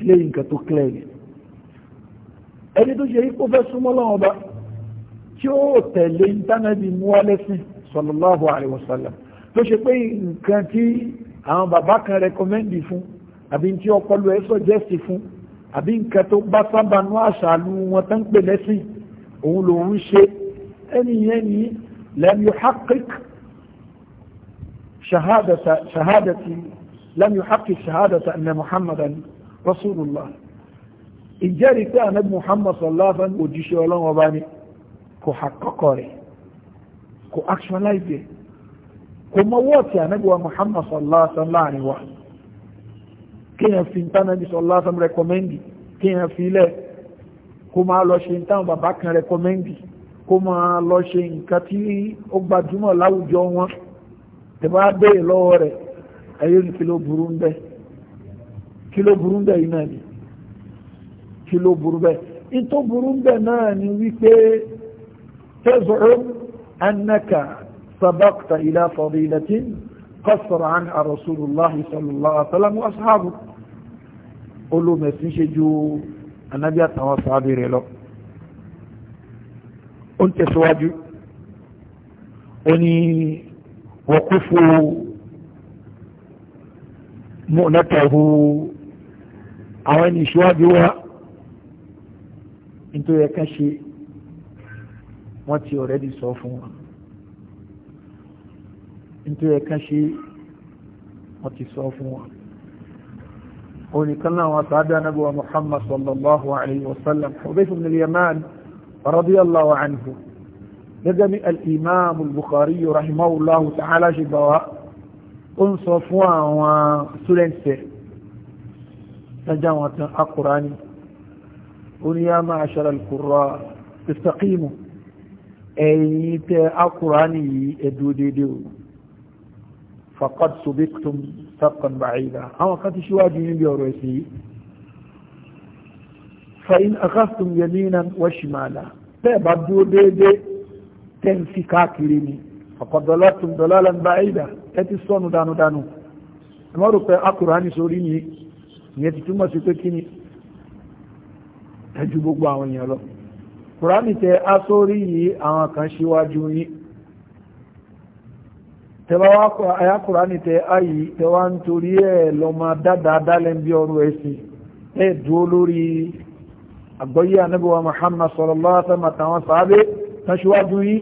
ilé nǹkan tó kílẹ̀ ni ẹni tó ṣe ipò fẹ́ súnmọ́ lọ́wọ́ bá tí ó tẹ̀lé ìtànàbí muwálẹ́sìn sallallahu alaihi wasallam tó ṣe pé nǹkan tí àwọn bàbá kan rẹkọmẹ́ndì fún àbí tí ọpọlọ ẹ sọjẹ́sì fún àbí nǹkan tó bá sábà nú àṣà wọn tán pè lẹ́sìn òun lòun ṣe ẹni yẹn ni lam yuhaqqiq shahadati lam yuhaqqiq shahadata anna muhammadan rasulullah ìjẹ́rìí pé anabi muhammad sallallahu alaihi wasallam òjíṣẹ́ ọlọ́wọ́ bá ní kò haqqaqa rẹ̀ kò actualize rẹ̀ kò mọ wọ́ọ̀tì anabi wa muhammad sallallahu alaihi wasallam láàrin wa kéèyàn fi ń tánà bí sallallahu alaihi wasallam rẹ̀kọ́mẹ́ndì kéèyàn fi lẹ́ẹ̀ kó máa lọ ṣe táwọn bàbá kan rẹkọmẹ́ndì kó máa lọ ṣe nǹkan tí ó gbajúmọ̀ láwùjọ wọn tẹ̀bá bẹ́ẹ̀ lọ́wọ́ rẹ̀ ayé ní kí ló burú ń bẹ́ kí ló burú ń bẹ́ yìí náà ni kí ló burú bẹ́ in burú ń bẹ́ náà ni wípé taz'um annaka sabaqta ila fadilatin qasara an rasulullahi sallallahu alaihi wa sallam wa ashabu olùmẹ̀sìn ṣe ju anábí àtàwọn sàábì rẹ̀ lọ ó ń tẹ̀síwájú ó ní wọ́kúfù múnátàhù àwọn ẹni ìṣíwájú wá nítorí ẹ̀ka ṣe wọ́n ti ọ̀rẹ́dì sọ fún wọn nítorí ẹ̀ka ṣe wọ́n ti sọ fún wọn ونكلنا وصحابي نبوة محمد صلى الله عليه وسلم حذيفة بن اليمان رضي الله عنه لدم الإمام البخاري رحمه الله تعالى جبواء انصفوا وسلنسة تجاوة القرآن ونيا معشر القراء استقيموا أي القرآن يدو ديدو دي faqad subiktum sabqan ba'ida àwọn kan ti ṣíwájú níbi ọ̀rọ̀ ẹ̀sìn yìí fa in akhadhtum yaminan wa shimala tẹ́ẹ̀ bá dúró déédéé tẹ́ ń fi káàkiri ni faqad dalaltum dalalan ba'ida ẹ ti sọnù dánudánù ẹ má rò pé akùránì sórí ni ìyẹn ti túmọ̀ sí pé kí ni ẹ ju gbogbo àwọn èèyàn lọ kùránì tẹ á sórí yìí àwọn kan ṣíwájú yìí tẹwàá àyá Kùránì tẹ ayì tẹwàá ń torí ẹ̀ lọ́mọ dáadáa dálẹ̀ bí ọrọ̀ ẹ̀sìn ẹ̀ dúó lórí àgbọ́yé anábíwá Muhammad sallallahu alaihi wasallam àtàwọn sàábé tán ṣíwájú yìí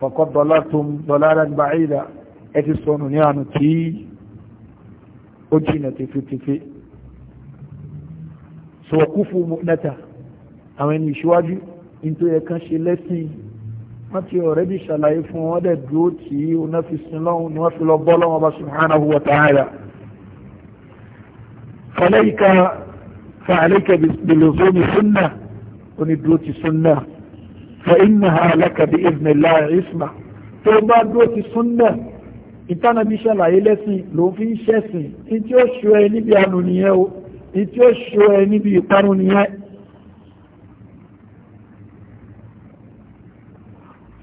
faqad dalaltum dalalan ba'ida ẹ ti sọnù ní àná tí ó jìnà tẹfẹtẹfẹ ṣe lẹ́sìn wọ́n ti already ṣàlàyé fún wọn dẹ̀ dúró tí oná fi sin lọ́hùn ni wọ́n fi lọ bọ́ lọ́wọ́ bá subhanahu wa ta'ala. fọlẹ́yìká fàálẹ́kẹ̀ bìlòzómi súnà oní dúró ti súnà fa innaha laka bi idhnillahi isma tó bá dúró ti súnà ìtànàbí ṣàlàyé lẹ́sìn ló fi ń ṣẹ̀sìn ní tí ó ṣe ẹ níbi ànú nìyẹn o ní tí ó ṣe ẹ níbi ìparun nìyẹn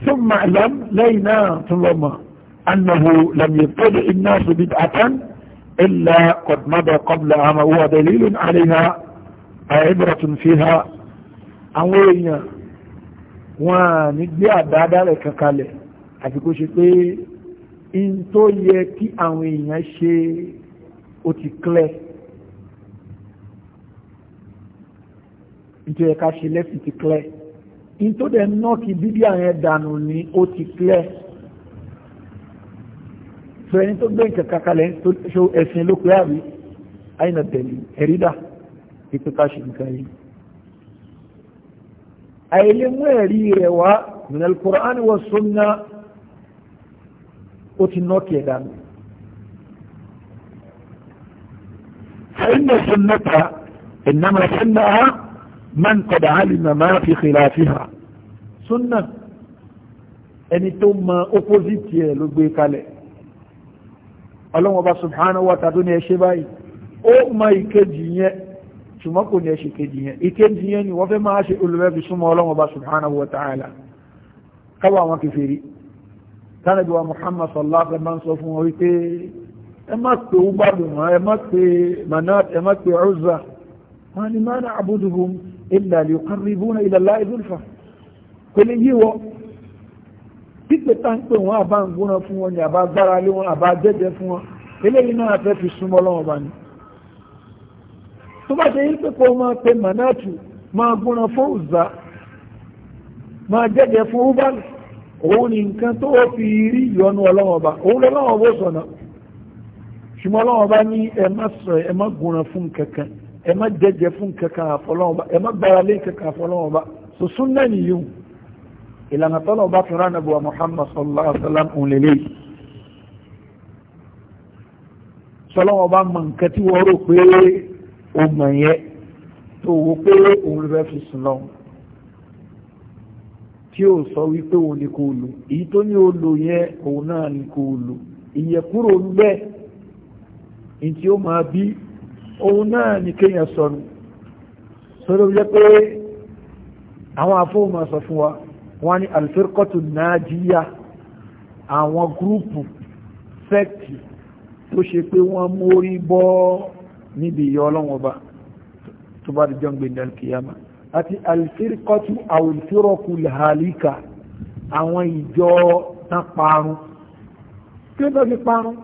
ثم اعلم لينا ثم أنه لم يبتدئ الناس بدعة إلا قد مضى قبلها ما هو دليل عليها عبرة فيها àwọn èèyàn wọn ní gbé àdádálẹ̀ kankalẹ̀ àti kó ṣe pé in tó yẹ kí àwọn èèyàn ṣe ó ti klẹ̀ nítorí ẹ̀ka ṣe lẹ́sìn ti klẹ̀ in tó dẹ̀ nọ́ọ̀kì bíbí àyẹn dànù ni ó ti clear fẹ́ni tó gbé nǹkan kakalẹ̀ ṣo ẹ̀sìn ló pé àrí àìnà tẹ̀lé ẹ̀rídà ìpínká ṣe nǹkan yìí àìlè mú ẹ̀rí rẹ̀ wá min al-Qur'an wa ó ti nọ́ọ̀kì ẹ̀ فإن السنة إنما سنها من qad alima ما في khilafiha súnà ẹni tó mọ opposite ẹ̀ ló gbé kalẹ̀ ọlọ́wọ́n bá subhanahu wa ta'ala ní ẹṣẹ́ báyìí ó mọ ìkejì yẹn ṣùgbọ́n kò ní ẹṣẹ́ kejì yẹn ìkejì yẹn ni wọ́n fẹ́ máa ṣe olùrẹ́bí súnmọ́ ọlọ́wọ́n bá subhanahu wa ta'ala káwọ́ àwọn kèfèrí tánàbí wa muhammad sallallahu alaihi wa sọ fún wọn wípé ẹ má pè ó ẹ má pè manat ẹ má pè ọ̀zà wọn ni má na àbúdùhùn illa liyuqarribuna ila Allahi zulfa kò lè yí wọ pípẹ́ tá ń pè wọ́n àbá ń gbóná fún wọn ni àbá gbára lé wọn àbá jẹ́jẹ́ fún wọn eléyìí náà fẹ́ fi súnmọ́ lọ́wọ́ bá ní tó bá ṣe yí pé kó máa pe manatu máa gbóná fún òzà máa jẹ́jẹ́ fún ubali òun ni nǹkan tó wọ́n fi rí ìyọnu ọlọ́wọ́ bá òun lọ́wọ́ bó sọ̀nà ṣùgbọ́n ọlọ́wọ́ bá ní ẹ má sọ ẹ má gbóná fún kankan ẹ má jẹjẹ fún kankan àfọlọ́wọ́n bá ẹ má gbára lé kankan àfọlọ́wọ́n bá so súnà nìyí o ìlànà tọ́lọ̀ bá fi rán àbúwà Muhammad sallallahu alaihi wa sallam òun lélẹ̀ sọlọ́wọ́n bá mọ nǹkan tí wọ́n rò pé o mọ̀ yẹn tó wo pé òun rẹ̀ fi sùn lọ tí ó sọ wípé òun ni kò lò èyí tó ní o lò yẹn òun náà ni kò lò ìyẹ̀kúrò ń bẹ́ẹ̀ ní tí ó máa bí òun náà ní kéèyàn sọnù sọ́dọ̀ jẹ́ pé àwọn afọ́ọ̀mọ̀ sọ fún wa wọ́n ní alifirikọ́tù nàájíyà àwọn gúrùpù sẹ́ẹ̀tì tó ṣe pé wọ́n mórí bọ́ níbi ìyọ́ ọlọ́wọ́n ọba tó bá di jọ́ ń gbé ní alkiyama àti alifirikọ́tù àwòlùfírọ́kù làálíkà àwọn ìjọ tán parun kí ló fi parun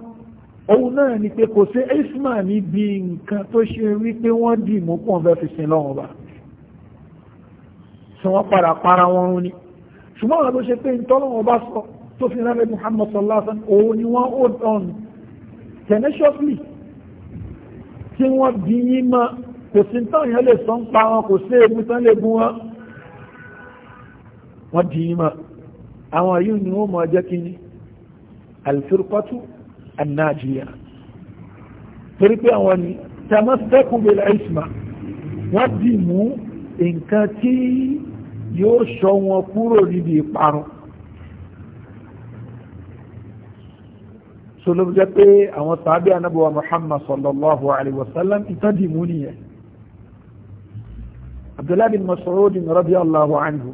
òun náà ni pé kò sí isma níbi nǹkan tó ṣe rí pé wọ́n dì mú pọ̀ fẹ́ fi sin lọ́wọ́ bá sọ wọ́n padà para wọn rún ni ṣùgbọ́n àwọn tó ṣe pé ìtọ́lọ́wọ́ bá sọ tó fi rárẹ̀ Muhammad sallallahu alaihi wasallam òun ni wọ́n hold on tenaciously tí wọ́n di yín mọ́ kò sí tán yẹn lè sọ ń pa wọn kò sí èmú tán lè gún wọn wọ́n di yín mọ́ àwọn yìí ni wọ́n mọ̀ jẹ́ kí ni al anájíyà torí pé àwọn ni tamastakun bil isma wọ́n dì mú nǹkan tí yóò sọ wọn kúrò níbi ìparun so ló jẹ́ pé àwọn tàbí anábọ̀wà muhammad sallallahu alaihi wasallam ìtàn dì mú nìyẹn abdullahi bin mas'ud radiyallahu anhu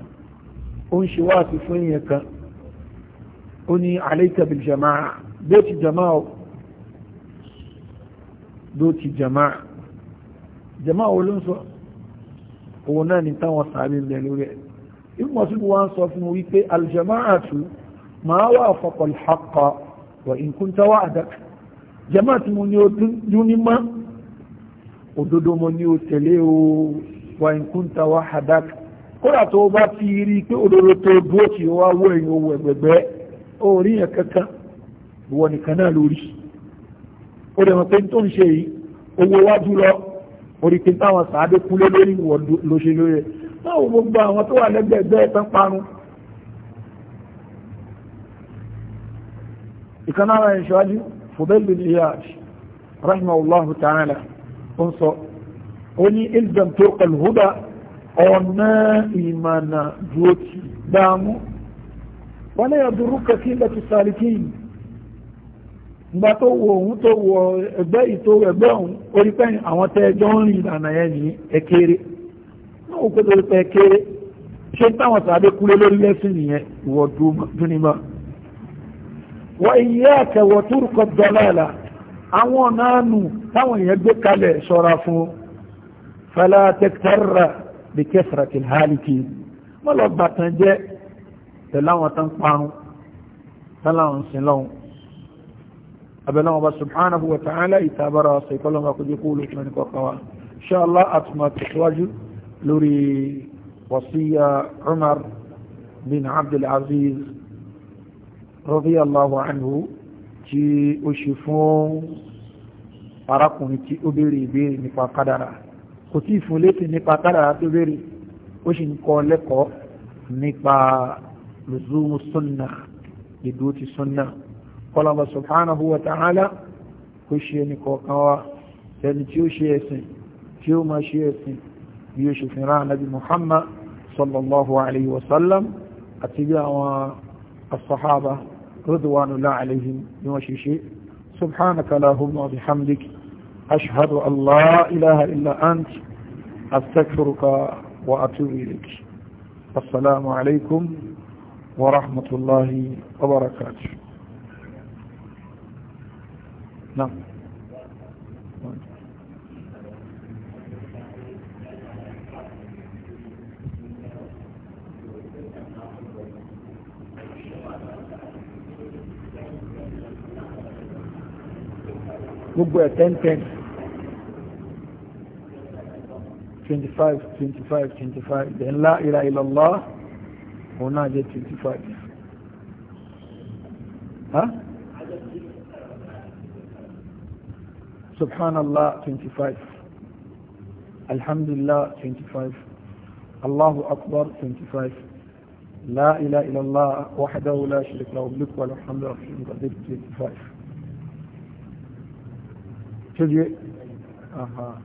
ó ń ṣe wáàsí fún èèyàn kan ó ní alayka bil jama'a bó jamaa jama o bó ti jama jama wo ló ń sọ òun náà ni táwọn sàábì ń bẹ lórí ẹ ìmọ̀ sí wọn sọ fún wípé aljama'atu ma wafaqa al-haqqa wa in kunta wa'dak jama tí mo ní o dún ní mọ́ òdodo mo ní o tẹ̀lé o wa in kunta wahdak kódà tó bá fi rí pé òdodo tó dúró tí ó wá kankan ìwọ nìkan náà lórí ó dẹ̀ mọ̀ pé tó ń ṣe yìí owó wájú lọ orí pé táwọn sàádé kúlé lórí ìwọ ló ṣe lórí ẹ̀ táwọn gbogbo àwọn tó wà lẹ́gbẹ̀ẹ́gbẹ́ tán parun ìkan náà rẹ̀ ṣáájú fòbẹ́lì ní ìyá rahimahullahu ta'ala ó ń sọ ó ní ilzam tó kọlùhúdà ọ̀nà ìmànà dúró ti dáàmú wọ́n lè yàdúrú kàkí lọ́tí sàlìkì yìí ìgbà tó wo òun tó wo ẹgbẹ́ ìtò ẹgbẹ́ òun orí pẹ́yìn àwọn tẹ́ ẹjọ́ ń rìn ìlànà yẹn ní ẹkẹrẹ náà ó kótó pẹ́ ẹkẹrẹ ṣé táwọn sàbẹ̀ kúlé lórí lẹ́sìn nìyẹn ìwọ̀ dúnímọ̀ wọ́n iye àkẹwọ̀ túrùkọ̀ dọ́là àwọn ọ̀nà ànù táwọn èèyàn gbé kalẹ̀ ṣọ́ra fún fẹ́lá tẹ́kítẹ́rà bí kẹfìrà kìí hálìkì mọ́lọ̀ bàtàn jẹ́ tẹ̀láwọn tán parun tẹ́láwọn sílọ́hun abẹ́lẹ́ wọn bá subhanahu wa ta'ala ìtàbára ọ̀sẹ̀ ìkọlọ́wọ́ àkójọ kó olùkọ́ ní kọ̀ọ̀kan wa ṣáàlá àtúmọ̀ tẹ̀síwájú lórí wàsíyà Umar bin Abdul Aziz radiyallahu anhu tí ó ṣe fún arákùnrin tí ó béèrè ìbéèrè nípa kádàrà kò tí ìfún létí nípa kádàrà tó béèrè ó sì ń kọ́ lẹ́kọ̀ọ́ nípa lùzúmù sunnah ìdúró ti sunnah قال الله سبحانه وتعالى خشي نكوكوا يعني تيو شيسي تيو ما شيسي يوشف نبي محمد صلى الله عليه وسلم أتباع الصحابة رضوان الله عليهم يوشي سبحانك اللهم وبحمدك أشهد أن لا إله إلا أنت أستكفرك وأتوب إليك السلام عليكم ورحمة الله وبركاته نعم gbogbo ẹ̀ ten ten twenty five twenty five twenty five then la ilaha illallah òun jẹ́ twenty five. سبحان الله 25 الحمد لله 25 الله أكبر 25 لا إله إلا الله وحده لا شريك له الملك وله الحمد لله 25 تجي أها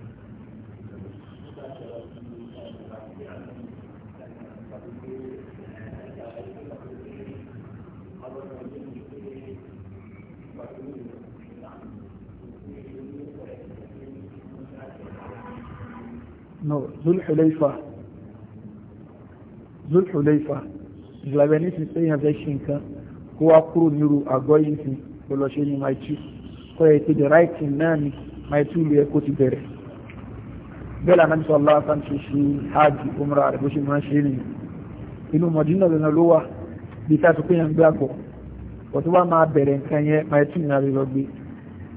no zulhulaifa zulhulaifa ìlàbẹ̀ nísìn pé èèyàn fẹ́ ṣe nǹkan kó wá kúrò nírú àgọ́ yìí sí kó lọ ṣe ní my two kó yẹ pé the right thing náà ni my two lè kó ti bẹ̀rẹ̀ bẹ́ẹ̀ lànà bí sọ́lá kan ṣe ṣe hajj umra rẹ̀ bó ṣe máa ṣe nìyẹn inú mọ̀dínà lọ́nà ló wà bí ká tó pé yẹn gbé àpọ̀ kò tó bá máa bẹ̀rẹ̀ nǹkan yẹn my two ní àrẹ lọ gbé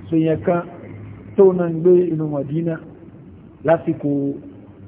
so yẹn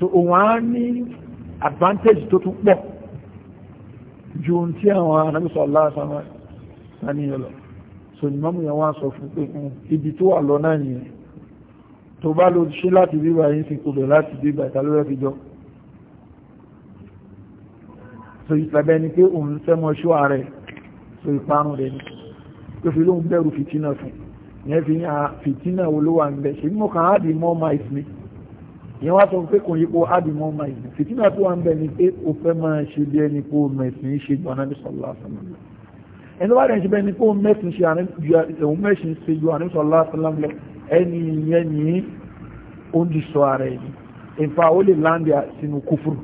so òun á ní advantage tó tún pọ̀ ju ohun tí àwọn anábìsọ̀ aláàṣà máa ní ọlọ́ so ìmọ̀mù yẹn wá sọ fún pé hmm, ibi tó wà lọ náà nìyẹn tó bá lọ ṣe láti bíbà yìí sì kò bẹ̀ láti bíbà ìtàlóyẹ̀ fi jọ so ìtàbẹ́ ni pé òun fẹ́ mọ́ ṣó ààrẹ so ìparun rẹ̀ ni tó fi lóun bẹ̀rù fìtínà fún ìyẹn fi ní ah, fìtínà olówà ń bẹ̀ ṣe mọ́ kàn á di mọ́ máa ìsinmi yẹn wá sọ pé kò yí kó ádùn ọmọ yìí fìtínà tó wà ń bẹ ni pé o fẹ́ máa ṣe bí ẹni kó mẹ̀sìn ṣe ju anábì sallallahu alaihi wasallam ẹni wá rẹ̀ ṣe bẹ́ẹ̀ ni kó mẹ̀sìn ṣe òun mẹ̀sìn ṣe ju anábì sallallahu alaihi wasallam lọ ẹni yẹn ní oúnjẹ sọ ara ẹni ìfà ó lè láǹdì sínú kúfùrù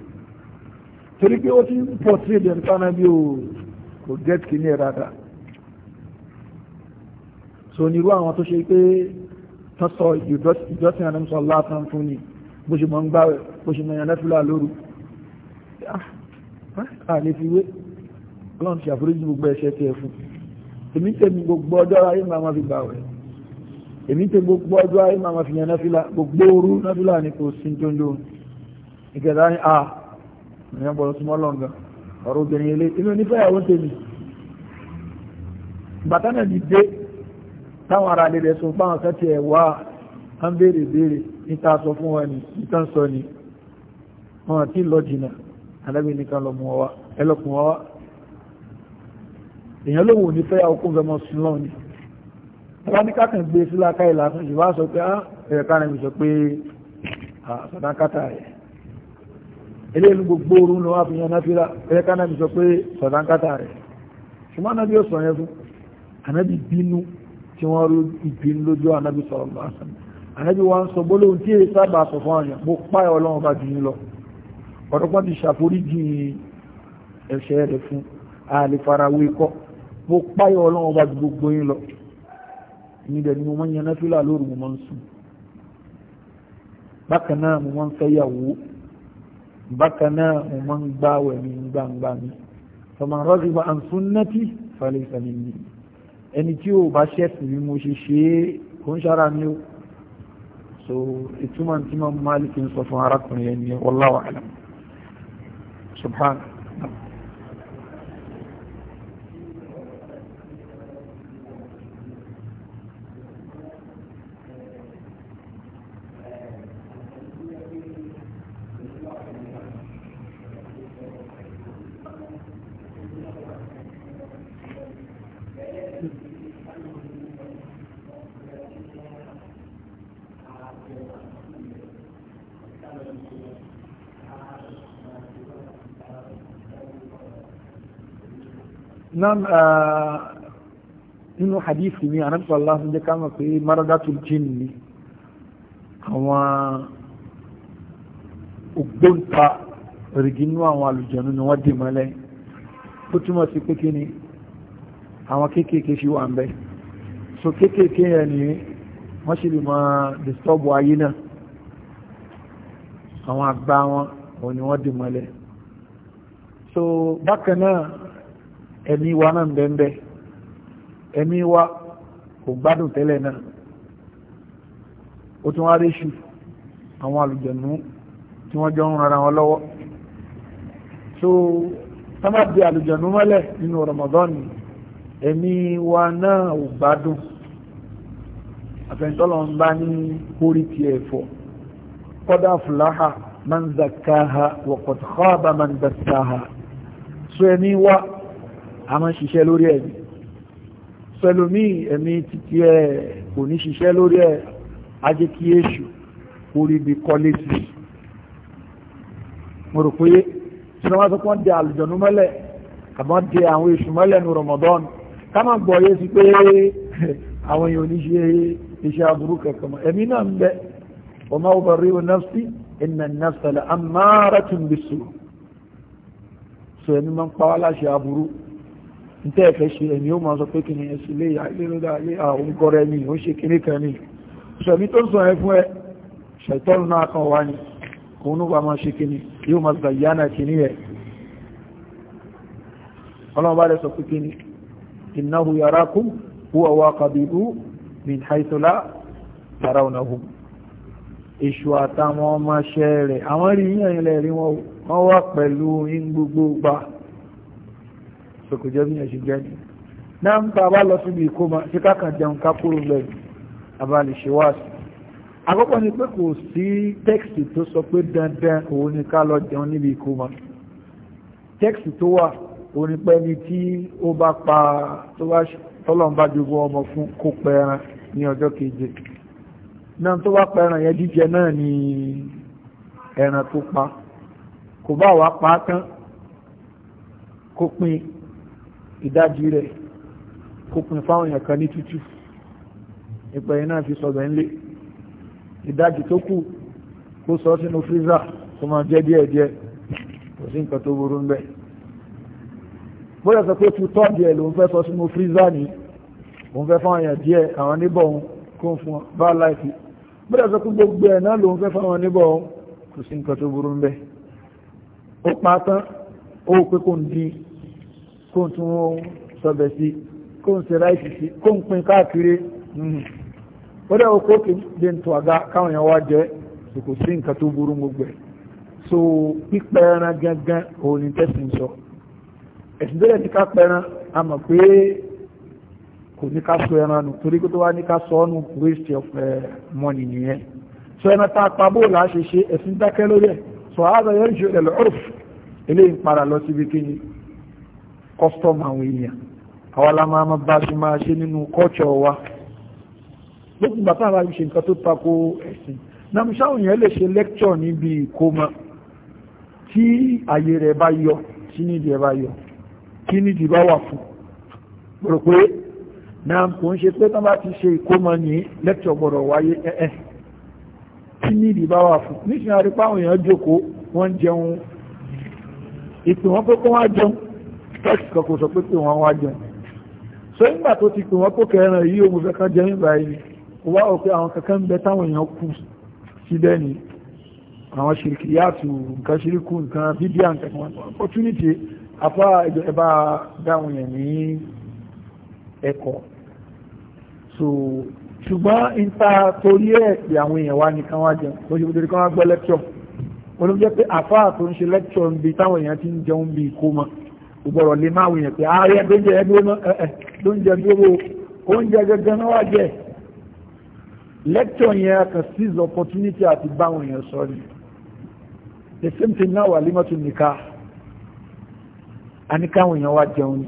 torí pé ó ti ń pọ̀ tí èdè nǹkan náà bí kò gẹ́t kìíní ẹ̀ dáadáa so nírú àwọn tó ṣe pé tọ́sọ ìjọsìn anábì sallallahu alaihi fún ni bó ṣe mọ̀ ń gbáwẹ̀ bó ṣe mọ̀ yànáfílà lóru àlè ah, ah, fi wé ọlọ́run ti àforíjì gbogbo ẹ̀ṣẹ̀ tí ẹ fún èmi tẹ̀mí gbogbo ọjọ́ ayé máa fi gbàwẹ̀ èmi tẹ gbogbo ọjọ́ ayé máa fi yànáfílà gbogbo òru náfílà ni kò sí jọjọ ìkẹta ni a ìyẹn bọ̀ súnmọ́ lọ́ngà ọ̀rọ̀ obìnrin ilé inú onífẹ́yàwó tèmi bàtánà ti dé táwọn ará lè rẹ̀ sọ fáwọn kẹ́tì ń béèrè béèrè níta sọ fún wọn ni níta sọ ni wọn àti lọ jìnà anábì nìkan lọ mú wa ẹlọ́kùn wa wá èèyàn lòun ò ní fẹ́ ọkùn fẹ́ mọ́ sí lọ́wọ́ ni ọba ní kákan gbé sílá ká ìlà fún ìwà sọ pé ẹ̀rẹ̀ kárẹ̀ mi sọ pé sọ̀dákátà rẹ̀ eléyìí gbogbo orun ló wá yan náfíra ẹ̀rẹ̀ kárẹ̀ mi sọ pé sọ̀dákátà rẹ̀ ṣùgbọ́n anábì ó sọ yẹn fún anábì bínú tí wọ́n rú ìbínú lójú anábì sọ̀rọ̀ lọ́sàn ànábì wa ń sọ gbólóhùn tí èyí sábà sọ fún àyàn mo páyà ọlọ́run bá jù yín lọ ọ̀dọ́gbọ́n ti ṣàforíjì ẹ̀ṣẹ̀ rẹ̀ fún àlè farawé kọ́ mo páyà ọlọ́run bá jù gbogbo yín lọ níbẹ̀ ni mo máa ń yan náfìlà lóru mo máa ń sùn bákan náà mo máa ń fẹ́ yàwó bákan náà mo máa ń gbáwẹ̀ mi gbangba mi faman raziba an sunnati falaysa minni ẹni tí ò bá ṣẹ̀sìn bí mo ṣe ṣe é kò ń ṣára mi o. سو اتمان تمام مالك صفوان ركن يعني والله اعلم سبحانه nam uh, nínú hadithi mi anabi sallallahu alaihi wasallam jẹ́ ká mọ̀ pé maradatul jinn ni àwọn ògbóǹta rìgì nínú àwọn àlùjànnú ni wọ́n dì mọ́lẹ̀ ó túmọ̀ sí pé kí ni àwọn kéékèèké fi so kéékèèké yẹn ni wọ́n sì lè máa disturb ayé náà àwọn àgbà wọn òun ni wọ́n dì mọ́lẹ̀ so bákan náà ẹ̀mí wa náà bẹ́ẹ̀bẹ́ ẹ̀mí wa kò gbádùn tẹ́lẹ̀ náà ó tún wá ríṣù àwọn àlùjọ̀nú tí wọ́n jọ ń rara wọn lọ́wọ́ so sábà di àlùjọ̀nú mọ́lẹ̀ nínú Ramadan ẹ̀mí wa náà ò gbádùn àfẹ́ntọ́lọ́ ń bá ní orí ti ẹ̀fọ́ kọ́dá fúláhà man zakaha wa qad khaba man dassaha so ẹ̀mí wa a máa ṣiṣẹ́ lórí ẹ̀mí pẹ̀lúmí ẹ̀mí títí ẹ̀ kò ní ṣiṣẹ́ lórí ẹ̀ ajé kí èṣù orí bí kọ́lé sí mo rò pé sinimá tó kàn di àlùjọ̀nú mọ́lẹ̀ àmọ́ di àwọn èṣù mọ́lẹ̀ ní Ramadan ká máa gbọ́ yé sí pé [laughs] àwọn èèyàn ní ṣe iṣẹ́ aburú kankan mọ́ ẹ̀mí náà ń bẹ wa ma ubarri'u nafsi inna an-nafsa la'ammaratun bis-su' so ẹ̀mí máa ń pa wá láṣẹ aburú ntẹ́ ẹ̀fẹ́ ṣe ẹ̀mí ó máa sọ pé kìnnì ẹ̀sì lè àìlérúdá lé àwọn gọ́rẹ́ ní ó ṣe kìnnì kan ní ṣẹ̀mí tó ń sọ ẹ̀fún ẹ̀ ṣẹ̀tọ́rù náà kan wá ní òun ó bá máa ṣe kìnnì yóò máa sọ ìyáná kìnnì ẹ̀ ọlọ́run bá rẹ̀ sọ pé kìnnì innahu yarakum huwa wa qabilu min haythu la tarawnahum èṣù àtàwọn ọmọ ṣẹ́ rẹ̀ àwọn rí yíyan ilẹ̀ wọn wá pẹ̀lú in gbogbo gbà kò jẹ́ bí yẹn ṣe jẹ́ ni náà ń bá wa lọ síbi ìkómọ tí kákan jẹun ká kúrò lẹ́yìn abalẹ̀ ni pé kò sí tẹ́kìtì tó sọ pé dandan òun ni ká lọ jẹun níbi ìkómọ tẹ́kìtì tó wà òun ni pé ní tí ó bá pa tọ́lọ́n bá jogún ọmọ fún kó pẹran ní ọjọ́ keje náà tó bá pẹran yẹn jíjẹ náà ni ẹran tó pa kò bá wá pa tán kó pín ìdájí rẹ̀ kó pin fáwọn èèyàn kan ní tútù ìpẹ̀ iná fi sọ̀bẹ̀ ńlé ìdájí tó kù kó sọ sínú freezer tó máa jẹ́ díẹ̀ díẹ̀ kò sí nǹkan tó burú ń bẹ̀ bóyá sọ pé tu tọ́ọ̀dì ẹ̀ ló fẹ́ sọ sínú freezer ní òun fẹ́ fáwọn èèyàn díẹ̀ àwọn níbọ̀ òun kó ń fún bá láìpẹ́ bóyá sọ pé gbogbo ẹ̀ náà ló fẹ́ fáwọn níbọ̀ òun kò sí nǹkan tó burú ń bẹ̀ ó pa tán ó pé kò ń dín kó ń tún sọbẹ̀ sí kó ń ṣe ráìtì sí kó ń pín káàkiri mhm. ó dẹ́ okó kì í dé ń tó àga káwọn èèyàn wá jẹ́ kò sí nǹkan tó burú gbogbo ẹ̀ so pípẹ́ ẹran gangan òun ni tẹ́sán sọ ẹ̀sìn tó lẹ́ ti ká pẹ́ran a mọ̀ pé kò ní ká sọ ẹran nù torí kó tó wá ní ká sọ ọ́ waste of eh, money nìyẹn sọ ẹran tá a pa bóòlù àṣeṣe ẹ̀sìn dákẹ́ lórí ẹ̀ sọ ààbẹ̀ yẹn jù ẹ̀lọ́rùf eléyìí ń para lọ síbi kíni custom àwọn èèyàn àwọn alámàmà bá ṣe máa ṣe nínú culture wa lókùn bàtà àbájú ṣe nǹkan tó tako ẹ̀sìn náà ṣáwọn èèyàn lè ṣe lecture níbi ìkómọ tí àyè rẹ̀ bá yọ tí nídìí ẹ̀ bá yọ kí nídìí bá wà fún rò pé náà kò ń ṣe pé tán bá ti ṣe ìkómọ ní lecture gbọ́dọ̀ wáyé ẹ̀ẹ́ tí nídìí bá wà fún níṣìṣẹ́ àrípáwọn èèyàn jókòó wọ́n jẹun ìpè wọn pé kó wá jẹun text kan kò sọ pé pé wọ́n wá jẹun so nígbà tó ti pè wọ́n kó kẹrin yìí òun fẹ́ ká jẹun báyìí kò wá òkè àwọn kankan bẹ táwọn èèyàn kù síbẹ̀ ni àwọn ṣìrìkì yàtù nǹkan ṣìrìkù nǹkan fídíà nǹkan kan opportunity afá ẹ̀bá dáwọn èèyàn ní ẹ̀kọ́ so ṣùgbọ́n ìta torí ẹ̀ pé àwọn èèyàn wá ní kan wá jẹun tó ṣe kúndé kan wá gbọ́ lẹ́kṣọ̀ olùjẹ́ pé àfá tó ń ṣe lẹ́kṣọ̀ ń bi táwọn èèyàn ti ń jẹun bí ìkómọ ìgbọ̀rọ̀ lè máa wùyàn pé ààrẹ ẹgbẹ́jẹ ẹgbẹ́ lóúnjẹ dúró oúnjẹ gẹ́gẹ́ náà wà jẹ́ lecture yẹn kan seize opportunity àti báwọn èèyàn sọ ni the same thing náà wà límọ́tún nìka a ní káwọn èèyàn wá jẹun ni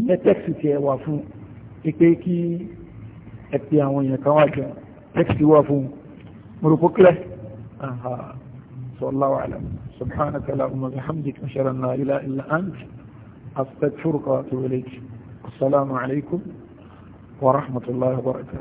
ìyẹn tẹ́kìtì tiẹ̀ wà fún pé kí ẹ pe àwọn èèyàn kan wá jẹun tẹ́kìtì wà fún mo sọ láwàá سبحانك اللهم بحمدك أشهد أن لا إله إلا أنت أستغفرك وأتوب إليك السلام عليكم ورحمة الله وبركاته